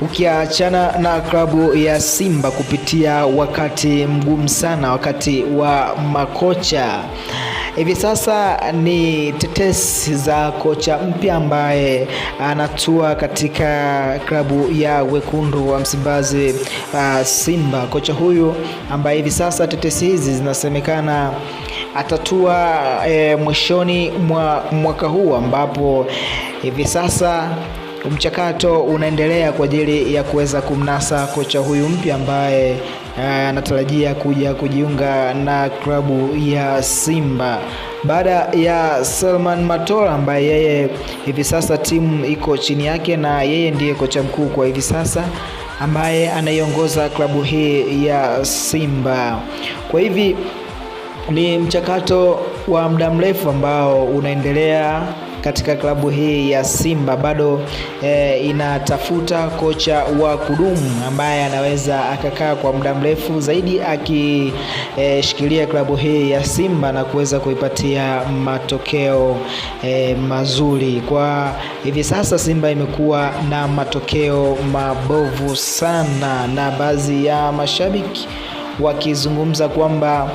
ukiachana na klabu ya Simba kupitia wakati mgumu sana, wakati wa makocha. Hivi sasa ni tetesi za kocha mpya ambaye anatua katika klabu ya wekundu wa Msimbazi uh, Simba. Kocha huyu ambaye hivi sasa tetesi hizi zinasemekana atatua eh, mwishoni mwa mwaka huu ambapo hivi sasa mchakato unaendelea kwa ajili ya kuweza kumnasa kocha huyu mpya ambaye eh, anatarajia kuja kujiunga na klabu ya Simba baada ya Selman Matola ambaye yeye hivi sasa timu iko chini yake na yeye ndiye kocha mkuu kwa hivi sasa ambaye anaiongoza klabu hii ya Simba. Kwa hivi ni mchakato wa muda mrefu ambao unaendelea katika klabu hii ya Simba bado e, inatafuta kocha wa kudumu ambaye anaweza akakaa kwa muda mrefu zaidi akishikilia e, klabu hii ya Simba na kuweza kuipatia matokeo e, mazuri. Kwa hivi sasa Simba imekuwa na matokeo mabovu sana, na baadhi ya mashabiki wakizungumza kwamba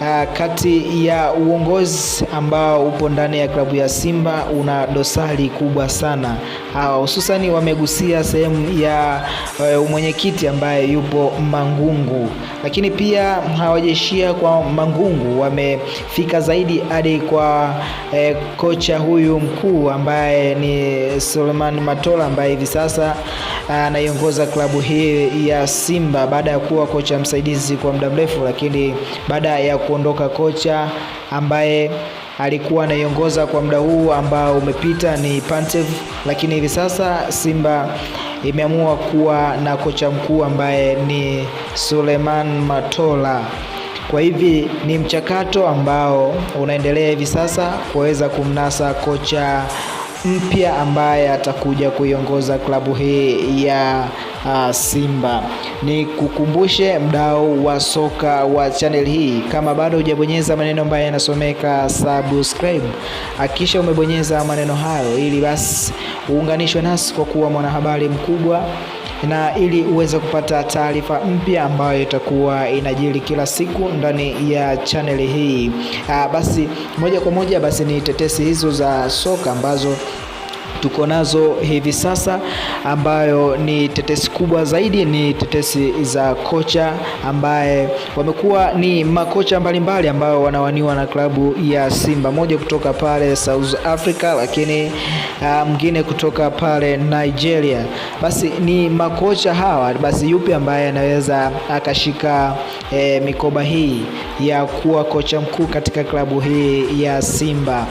uh, kati ya uongozi ambao upo ndani ya klabu ya Simba una dosari kubwa sana ah, hususani, uh, wamegusia sehemu ya uh, mwenyekiti ambaye yupo Mangungu, lakini pia hawajeshia kwa Mangungu, wamefika zaidi hadi kwa uh, kocha huyu mkuu ambaye ni Suleiman Matola ambaye hivi sasa anaiongoza klabu hii ya Simba baada ya kuwa kocha msaidizi kwa muda mrefu, lakini baada ya kuondoka kocha ambaye alikuwa anaiongoza kwa muda huu ambao umepita ni Pantev, lakini hivi sasa Simba imeamua kuwa na kocha mkuu ambaye ni Suleiman Matola. Kwa hivi ni mchakato ambao unaendelea hivi sasa kuweza kumnasa kocha mpya ambaye atakuja kuiongoza klabu hii ya uh, Simba. Ni kukumbushe mdau wa soka wa channel hii, kama bado hujabonyeza maneno ambayo yanasomeka subscribe, hakikisha umebonyeza maneno hayo, ili basi uunganishwe nasi kwa kuwa mwanahabari mkubwa na ili uweze kupata taarifa mpya ambayo itakuwa inajiri kila siku ndani ya chaneli hii. Aa, ah, basi moja kwa moja basi ni tetesi hizo za soka ambazo tuko nazo hivi sasa, ambayo ni tetesi kubwa zaidi, ni tetesi za kocha ambaye wamekuwa ni makocha mbalimbali ambao wanawaniwa na klabu ya Simba, moja kutoka pale South Africa, lakini ah, mwingine um, kutoka pale Nigeria. Basi ni makocha hawa, basi yupi ambaye anaweza akashika e, mikoba hii ya kuwa kocha mkuu katika klabu hii ya Simba?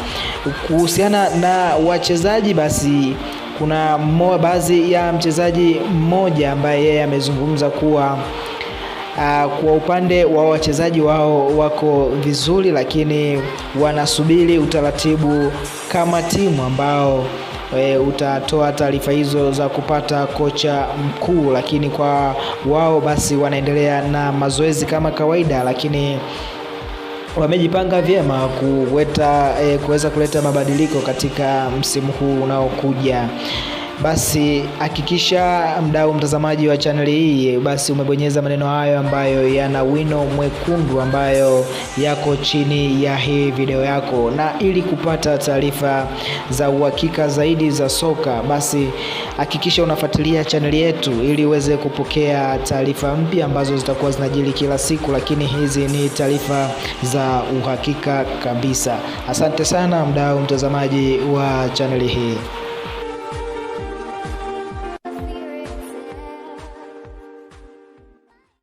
Kuhusiana na wachezaji basi basi kuna baadhi ya mchezaji mmoja ambaye yeye amezungumza kuwa Uh, kwa upande wa wachezaji wao wako vizuri, lakini wanasubiri utaratibu kama timu ambao e, utatoa taarifa hizo za kupata kocha mkuu, lakini kwa wao basi wanaendelea na mazoezi kama kawaida, lakini wamejipanga vyema eh, kuweza kuleta mabadiliko katika msimu huu unaokuja basi hakikisha mdau mtazamaji wa chaneli hii, basi umebonyeza maneno hayo ambayo yana wino mwekundu ambayo yako chini ya hii video yako, na ili kupata taarifa za uhakika zaidi za soka, basi hakikisha unafuatilia chaneli yetu ili uweze kupokea taarifa mpya ambazo zitakuwa zinajili kila siku, lakini hizi ni taarifa za uhakika kabisa. Asante sana mdau mtazamaji wa chaneli hii.